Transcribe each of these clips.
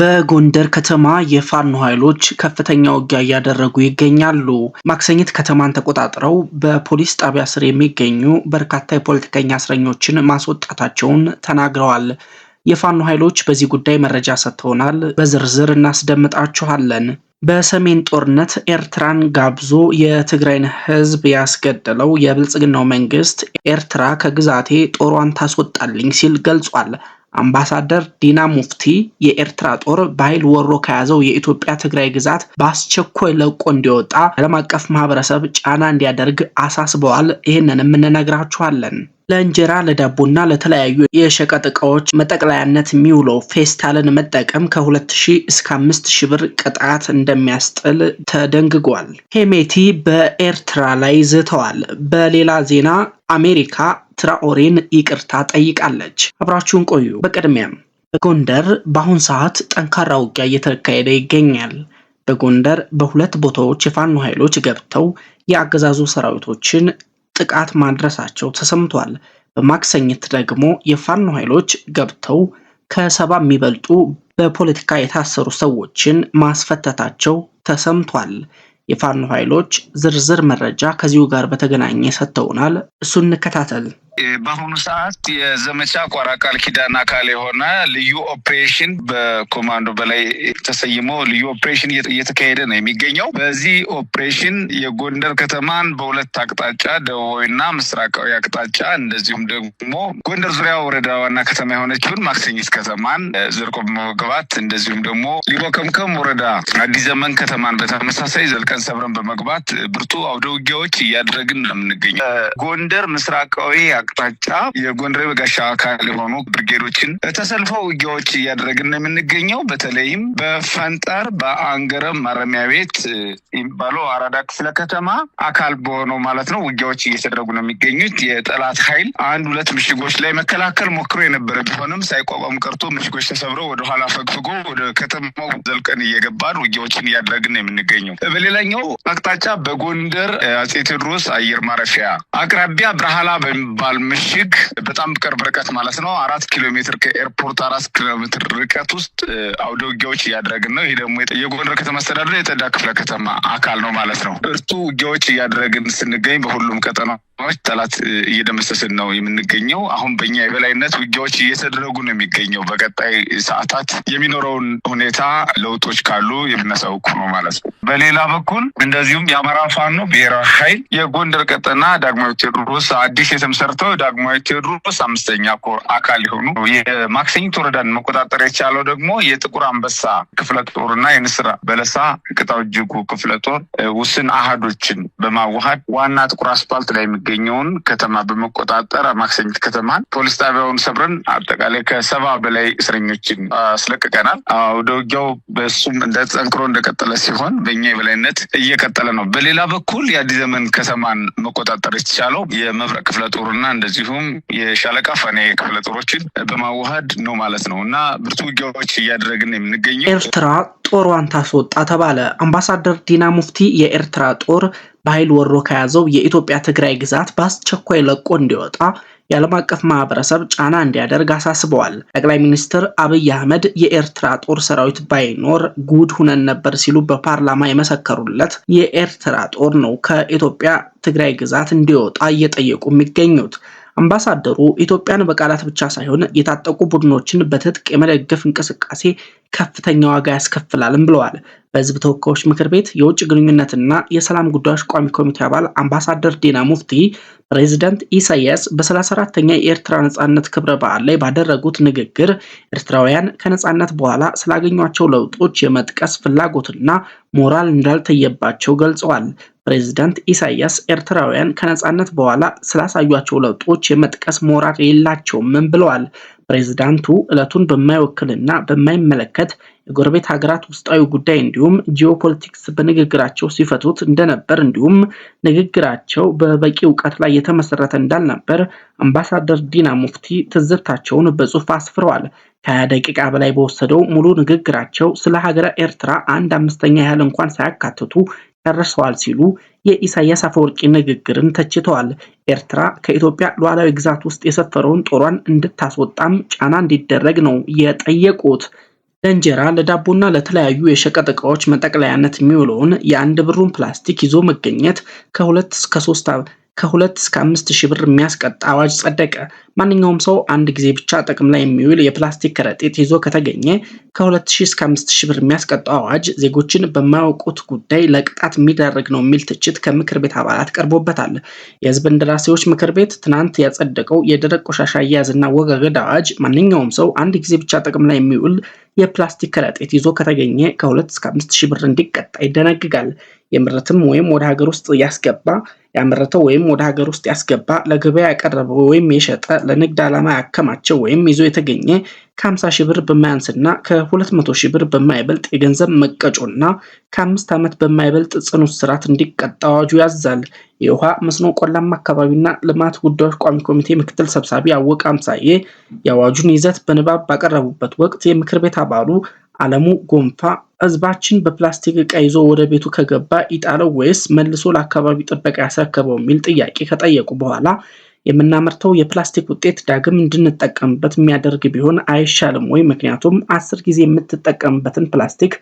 በጎንደር ከተማ የፋኖ ኃይሎች ከፍተኛ ውጊያ እያደረጉ ይገኛሉ። ማክሰኝት ከተማን ተቆጣጥረው በፖሊስ ጣቢያ ስር የሚገኙ በርካታ የፖለቲከኛ እስረኞችን ማስወጣታቸውን ተናግረዋል። የፋኖ ኃይሎች በዚህ ጉዳይ መረጃ ሰጥተውናል፣ በዝርዝር እናስደምጣችኋለን። በሰሜን ጦርነት ኤርትራን ጋብዞ የትግራይን ሕዝብ ያስገደለው የብልጽግናው መንግስት ኤርትራ ከግዛቴ ጦሯን ታስወጣልኝ ሲል ገልጿል። አምባሳደር ዲና ሙፍቲ የኤርትራ ጦር በኃይል ወሮ ከያዘው የኢትዮጵያ ትግራይ ግዛት በአስቸኳይ ለቆ እንዲወጣ ዓለም አቀፍ ማህበረሰብ ጫና እንዲያደርግ አሳስበዋል። ይህንንም እንነግራችኋለን። ለእንጀራ፣ ለዳቦና ለተለያዩ የሸቀጥ እቃዎች መጠቅለያነት የሚውለው ፌስታልን መጠቀም ከ2000 እስከ 5000 ብር ቅጣት እንደሚያስጥል ተደንግጓል። ሄሜቲ በኤርትራ ላይ ዝተዋል። በሌላ ዜና አሜሪካ ትራኦሬን ይቅርታ ጠይቃለች። አብራችሁን ቆዩ። በቅድሚያም በጎንደር በአሁን ሰዓት ጠንካራ ውጊያ እየተካሄደ ይገኛል። በጎንደር በሁለት ቦታዎች የፋኖ ኃይሎች ገብተው የአገዛዙ ሰራዊቶችን ጥቃት ማድረሳቸው ተሰምቷል። በማክሰኝት ደግሞ የፋኖ ኃይሎች ገብተው ከሰባ የሚበልጡ በፖለቲካ የታሰሩ ሰዎችን ማስፈተታቸው ተሰምቷል። የፋኖ ኃይሎች ዝርዝር መረጃ ከዚሁ ጋር በተገናኘ ሰጥተውናል። እሱን እንከታተል። በአሁኑ ሰዓት የዘመቻ ቋራ ቃል ኪዳን አካል የሆነ ልዩ ኦፕሬሽን በኮማንዶ በላይ ተሰይሞ ልዩ ኦፕሬሽን እየተካሄደ ነው የሚገኘው። በዚህ ኦፕሬሽን የጎንደር ከተማን በሁለት አቅጣጫ ደቡባዊና ምስራቃዊ አቅጣጫ እንደዚሁም ደግሞ ጎንደር ዙሪያ ወረዳ ዋና ከተማ የሆነችውን ማክሰኝት ከተማን ዘልቆ በመግባት እንደዚሁም ደግሞ ሊቦከምከም ወረዳ አዲስ ዘመን ከተማን በተመሳሳይ ዘልቀን ሰብረን በመግባት ብርቱ አውደ ውጊያዎች እያደረግን ነው የምንገኘው። ጎንደር ምስራቃዊ አቅጣጫ የጎንደር በጋሻ አካል የሆኑ ብርጌዶችን ተሰልፈው ውጊያዎች እያደረግን ነው የምንገኘው። በተለይም በፈንጠር በአንገረም ማረሚያ ቤት የሚባለው አራዳ ክፍለ ከተማ አካል በሆነው ማለት ነው ውጊያዎች እየተደረጉ ነው የሚገኙት። የጠላት ኃይል አንድ ሁለት ምሽጎች ላይ መከላከል ሞክሮ የነበረ ቢሆንም ሳይቋቋም ቀርቶ ምሽጎች ተሰብረው ወደኋላ ፈግፍጎ ወደ ከተማው ዘልቀን እየገባን ውጊያዎችን እያደረግን ነው የምንገኘው። በሌላኛው አቅጣጫ በጎንደር አጼ ቴዎድሮስ አየር ማረፊያ አቅራቢያ ብርሃላ በሚባል የእንቁላል ምሽግ በጣም ቅርብ ርቀት ማለት ነው። አራት ኪሎ ሜትር ከኤርፖርት አራት ኪሎ ሜትር ርቀት ውስጥ አውደ ውጊያዎች እያደረግን ነው። ይህ ደግሞ የጎንደር ከተማ አስተዳደር የጠዳ ክፍለ ከተማ አካል ነው ማለት ነው። እርቱ ውጊያዎች እያደረግን ስንገኝ በሁሉም ቀጠና ዎች ጠላት እየደመሰስን ነው የምንገኘው። አሁን በኛ የበላይነት ውጊያዎች እየተደረጉ ነው የሚገኘው። በቀጣይ ሰዓታት የሚኖረውን ሁኔታ ለውጦች ካሉ የምናሳውቁ ነው ማለት ነው። በሌላ በኩል እንደዚሁም የአማራ ፋኖ ብሔራዊ ኃይል የጎንደር ቀጠና ዳግማዊ ቴዎድሮስ አዲስ የተመሰርተው ዳግማዊ ቴዎድሮስ አምስተኛ ኮር አካል የሆኑ የማክሰኝት ወረዳን መቆጣጠር የቻለው ደግሞ የጥቁር አንበሳ ክፍለ ጦር እና የንስር በለሳ ቅጣው እጅጉ ክፍለ ጦር ውስን አሃዶችን በማዋሃድ ዋና ጥቁር አስፓልት ላይ የሚገኝ የሚገኘውን ከተማ በመቆጣጠር ማክሰኝት ከተማን ፖሊስ ጣቢያውን ሰብረን አጠቃላይ ከሰባ በላይ እስረኞችን አስለቅቀናል። ወደ ውጊያው በሱም ጠንክሮ እንደቀጠለ ሲሆን በእኛ የበላይነት እየቀጠለ ነው። በሌላ በኩል የአዲስ ዘመን ከተማን መቆጣጠር የተቻለው የመብረቅ ክፍለ ጦርና እንደዚሁም የሻለቃ ፋኔ ክፍለ ጦሮችን በማዋሃድ ነው ማለት ነው እና ብርቱ ውጊያዎች እያደረግን የምንገኘው ኤርትራ ጦሯን ታስወጣ ተባለ። አምባሳደር ዲና ሙፍቲ የኤርትራ ጦር በኃይል ወሮ ከያዘው የኢትዮጵያ ትግራይ ግዛት በአስቸኳይ ለቆ እንዲወጣ የዓለም አቀፍ ማህበረሰብ ጫና እንዲያደርግ አሳስበዋል። ጠቅላይ ሚኒስትር አብይ አህመድ የኤርትራ ጦር ሰራዊት ባይኖር ጉድ ሁነን ነበር ሲሉ በፓርላማ የመሰከሩለት የኤርትራ ጦር ነው ከኢትዮጵያ ትግራይ ግዛት እንዲወጣ እየጠየቁ የሚገኙት። አምባሳደሩ ኢትዮጵያን በቃላት ብቻ ሳይሆን የታጠቁ ቡድኖችን በትጥቅ የመደገፍ እንቅስቃሴ ከፍተኛ ዋጋ ያስከፍላልም ብለዋል። በሕዝብ ተወካዮች ምክር ቤት የውጭ ግንኙነትና የሰላም ጉዳዮች ቋሚ ኮሚቴ አባል አምባሳደር ዲና ሙፍቲ ፕሬዚዳንት ኢሳያስ በ34ተኛ የኤርትራ ነጻነት ክብረ በዓል ላይ ባደረጉት ንግግር ኤርትራውያን ከነጻነት በኋላ ስላገኟቸው ለውጦች የመጥቀስ ፍላጎትና ሞራል እንዳልተየባቸው ገልጸዋል። ፕሬዝዳንት ኢሳያስ ኤርትራውያን ከነጻነት በኋላ ስላሳዩቸው ለውጦች የመጥቀስ ሞራል የላቸውም ብለዋል። ፕሬዝዳንቱ ዕለቱን በማይወክልና በማይመለከት የጎረቤት ሀገራት ውስጣዊ ጉዳይ እንዲሁም ጂኦፖለቲክስ በንግግራቸው ሲፈቱት እንደነበር እንዲሁም ንግግራቸው በበቂ እውቀት ላይ የተመሰረተ እንዳልነበር አምባሳደር ዲና ሙፍቲ ትዝብታቸውን በጽሑፍ አስፍረዋል። ከሀያ ደቂቃ በላይ በወሰደው ሙሉ ንግግራቸው ስለ ሀገረ ኤርትራ አንድ አምስተኛ ያህል እንኳን ሳያካትቱ ጨርሰዋል ሲሉ የኢሳያስ አፈወርቂ ንግግርን ተችተዋል። ኤርትራ ከኢትዮጵያ ሉዓላዊ ግዛት ውስጥ የሰፈረውን ጦሯን እንድታስወጣም ጫና እንዲደረግ ነው የጠየቁት። ለእንጀራ ለዳቦና ለተለያዩ የሸቀጥ እቃዎች መጠቅለያነት የሚውለውን የአንድ ብሩን ፕላስቲክ ይዞ መገኘት ከሁለት እስከ ሶስት ከሁለት እስከ አምስት ሺህ ብር የሚያስቀጣ አዋጅ ጸደቀ። ማንኛውም ሰው አንድ ጊዜ ብቻ ጥቅም ላይ የሚውል የፕላስቲክ ከረጢት ይዞ ከተገኘ ከሁለት ሺህ እስከ አምስት ሺህ ብር የሚያስቀጣው አዋጅ ዜጎችን በማያውቁት ጉዳይ ለቅጣት የሚዳርግ ነው የሚል ትችት ከምክር ቤት አባላት ቀርቦበታል። የህዝብ እንደራሴዎች ምክር ቤት ትናንት ያጸደቀው የደረቅ ቆሻሻ አያያዝና አወጋገድ አዋጅ ማንኛውም ሰው አንድ ጊዜ ብቻ ጥቅም ላይ የሚውል የፕላስቲክ ከረጢት ይዞ ከተገኘ ከ2 እስከ 5 ሺህ ብር እንዲቀጣ ይደነግጋል። የምረትም ወይም ወደ ሀገር ውስጥ ያስገባ ያመረተው ወይም ወደ ሀገር ውስጥ ያስገባ፣ ለገበያ ያቀረበ ወይም የሸጠ፣ ለንግድ ዓላማ ያከማቸው ወይም ይዞ የተገኘ ከ50 ሺህ ብር በማያንስና ከ200 ሺህ ብር በማይበልጥ የገንዘብ መቀጮና ከአምስት ዓመት በማይበልጥ ጽኑ እስራት እንዲቀጣ አዋጁ ያዛል። የውሃ መስኖ፣ ቆላማ አካባቢና ልማት ጉዳዮች ቋሚ ኮሚቴ ምክትል ሰብሳቢ አወቀ አምሳዬ የአዋጁን ይዘት በንባብ ባቀረቡበት ወቅት የምክር ቤት አባሉ አለሙ ጎንፋ ህዝባችን በፕላስቲክ እቃ ይዞ ወደ ቤቱ ከገባ ይጣለው ወይስ መልሶ ለአካባቢ ጥበቃ ያስረከበው የሚል ጥያቄ ከጠየቁ በኋላ የምናመርተው የፕላስቲክ ውጤት ዳግም እንድንጠቀምበት የሚያደርግ ቢሆን አይሻልም ወይ? ምክንያቱም አስር ጊዜ የምትጠቀምበትን ፕላስቲክ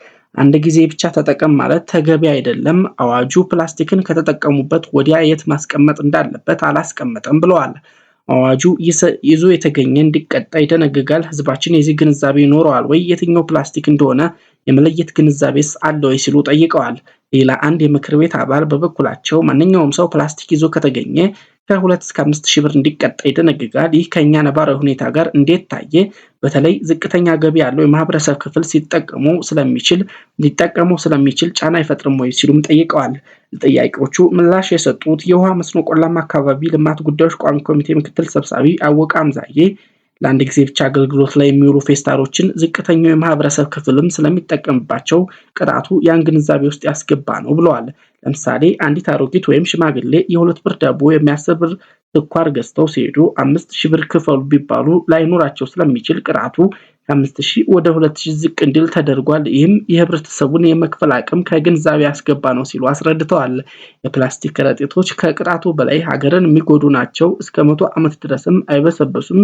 አንድ ጊዜ ብቻ ተጠቀም ማለት ተገቢ አይደለም። አዋጁ ፕላስቲክን ከተጠቀሙበት ወዲያ የት ማስቀመጥ እንዳለበት አላስቀመጠም ብለዋል። አዋጁ ይዞ የተገኘ እንዲቀጣ ይደነግጋል። ህዝባችን የዚህ ግንዛቤ ይኖረዋል ወይ? የትኛው ፕላስቲክ እንደሆነ የመለየት ግንዛቤስ አለ ወይ? ሲሉ ጠይቀዋል። ሌላ አንድ የምክር ቤት አባል በበኩላቸው ማንኛውም ሰው ፕላስቲክ ይዞ ከተገኘ ከሁለት እስከ አምስት ሺህ ብር እንዲቀጣ ይደነግጋል። ይህ ከእኛ ነባራዊ ሁኔታ ጋር እንዴት ታየ? በተለይ ዝቅተኛ ገቢ ያለው የማህበረሰብ ክፍል ሲጠቀሙ ስለሚችል ሊጠቀሙ ስለሚችል ጫና አይፈጥርም ወይ ሲሉም ጠይቀዋል። ለጥያቄዎቹ ምላሽ የሰጡት የውሃ መስኖ ቆላማ አካባቢ ልማት ጉዳዮች ቋሚ ኮሚቴ ምክትል ሰብሳቢ አወቀ አምዛዬ ለአንድ ጊዜ ብቻ አገልግሎት ላይ የሚውሉ ፌስታሮችን ዝቅተኛው የማህበረሰብ ክፍልም ስለሚጠቀምባቸው ቅጣቱ ያን ግንዛቤ ውስጥ ያስገባ ነው ብለዋል። ለምሳሌ አንዲት አሮጊት ወይም ሽማግሌ የሁለት ብር ዳቦ የሚያስር ብር ስኳር ገዝተው ሲሄዱ አምስት ሺህ ብር ክፈሉ ቢባሉ ላይኖራቸው ስለሚችል ቅጣቱ ከአምስት ሺህ ወደ ሁለት ሺህ ዝቅ እንዲል ተደርጓል። ይህም የህብረተሰቡን የመክፈል አቅም ከግንዛቤ ያስገባ ነው ሲሉ አስረድተዋል። የፕላስቲክ ከረጢቶች ከቅጣቱ በላይ ሀገርን የሚጎዱ ናቸው፣ እስከ መቶ ዓመት ድረስም አይበሰበሱም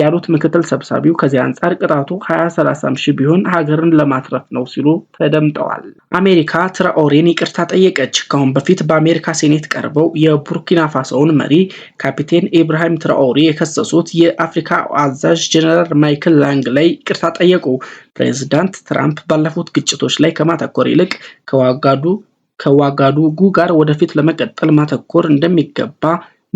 ያሉት ምክትል ሰብሳቢው ከዚህ አንጻር ቅጣቱ 2030 ሺህ ቢሆን ሀገርን ለማትረፍ ነው ሲሉ ተደምጠዋል። አሜሪካ ትራኦሬን ይቅርታ ጠየቀች። ከአሁን በፊት በአሜሪካ ሴኔት ቀርበው የቡርኪና ፋሶውን መሪ ካፒቴን ኢብራሂም ትራኦሬ የከሰሱት የአፍሪካ አዛዥ ጀነራል ማይክል ላንግ ላይ ይቅርታ ጠየቁ። ፕሬዚዳንት ትራምፕ ባለፉት ግጭቶች ላይ ከማተኮር ይልቅ ከዋጋዱ ከዋጋዱጉ ጋር ወደፊት ለመቀጠል ማተኮር እንደሚገባ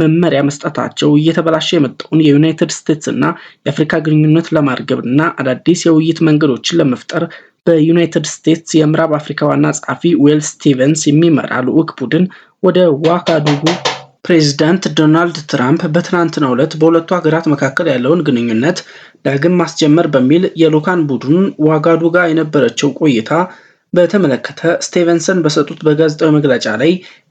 መመሪያ መስጠታቸው እየተበላሸ የመጣውን የዩናይትድ ስቴትስ እና የአፍሪካ ግንኙነት ለማርገብ እና አዳዲስ የውይይት መንገዶችን ለመፍጠር በዩናይትድ ስቴትስ የምዕራብ አፍሪካ ዋና ጸሐፊ ዌል ስቲቨንስ የሚመራ ልዑክ ቡድን ወደ ዋካዱጉ ፕሬዚዳንት ዶናልድ ትራምፕ በትናንትናው ዕለት በሁለቱ ሀገራት መካከል ያለውን ግንኙነት ዳግም ማስጀመር በሚል የልዑካን ቡድኑን ዋጋዱጋ የነበረችው ቆይታ በተመለከተ ስቴቨንሰን በሰጡት በጋዜጣዊ መግለጫ ላይ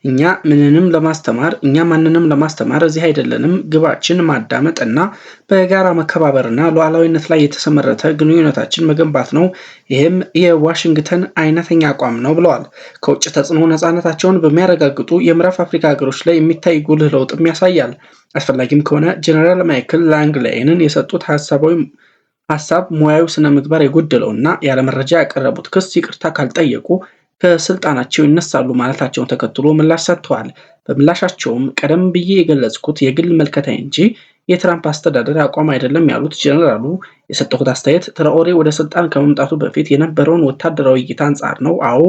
እኛ ምንንም ለማስተማር እኛ ማንንም ለማስተማር እዚህ አይደለንም። ግባችን ማዳመጥ እና በጋራ መከባበርና ሉዓላዊነት ላይ የተሰመረተ ግንኙነታችን መገንባት ነው። ይህም የዋሽንግተን አይነተኛ አቋም ነው ብለዋል። ከውጭ ተጽዕኖ ነፃነታቸውን በሚያረጋግጡ የምዕራብ አፍሪካ ሀገሮች ላይ የሚታይ ጉልህ ለውጥም ያሳያል። አስፈላጊም ከሆነ ጀኔራል ማይክል ላንግላይንን የሰጡት ሀሳባዊ ሀሳብ ሙያዊ ስነምግባር የጎደለው እና ያለመረጃ ያቀረቡት ክስ ይቅርታ ካልጠየቁ ከስልጣናቸው ይነሳሉ ማለታቸውን ተከትሎ ምላሽ ሰጥተዋል። በምላሻቸውም ቀደም ብዬ የገለጽኩት የግል መልከታ እንጂ የትራምፕ አስተዳደር አቋም አይደለም ያሉት ጀነራሉ የሰጠሁት አስተያየት ትራኦሬ ወደ ስልጣን ከመምጣቱ በፊት የነበረውን ወታደራዊ እይታ አንጻር ነው። አዎ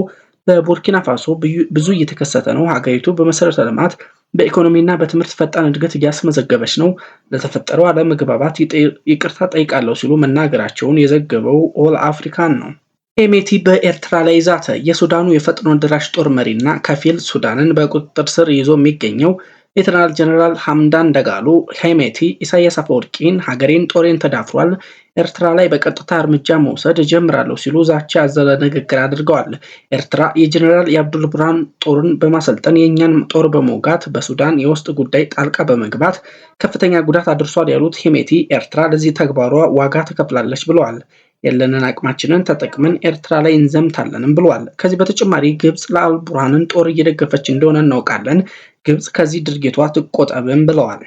በቡርኪና ፋሶ ብዙ እየተከሰተ ነው። ሀገሪቱ በመሰረተ ልማት በኢኮኖሚና በትምህርት ፈጣን እድገት እያስመዘገበች ነው፣ ለተፈጠረው አለመግባባት ይቅርታ ጠይቃለሁ ሲሉ መናገራቸውን የዘገበው ኦል አፍሪካን ነው። ኤሜቲ በኤርትራ ላይ ዛተ። የሱዳኑ የፈጥኖ ደራሽ ጦር መሪና ከፊል ሱዳንን በቁጥጥር ስር ይዞ የሚገኘው ሌተናል ጀነራል ሐምዳን ደጋሉ ሄሜቲ ኢሳያስ አፈወርቂን ሀገሬን ጦሬን ተዳፍሯል፣ ኤርትራ ላይ በቀጥታ እርምጃ መውሰድ እጀምራለሁ ሲሉ ዛቻ ያዘለ ንግግር አድርገዋል። ኤርትራ የጀነራል የአብዱል ብርሃን ጦርን በማሰልጠን የእኛን ጦር በመውጋት በሱዳን የውስጥ ጉዳይ ጣልቃ በመግባት ከፍተኛ ጉዳት አድርሷል ያሉት ሄሜቲ ኤርትራ ለዚህ ተግባሯ ዋጋ ትከፍላለች ብለዋል። የለንን አቅማችንን ተጠቅመን ኤርትራ ላይ እንዘምታለንም ብለዋል። ከዚህ በተጨማሪ ግብፅ ለአልቡርሃንን ጦር እየደገፈች እንደሆነ እናውቃለን። ግብፅ ከዚህ ድርጊቷ ትቆጠብም ብለዋል።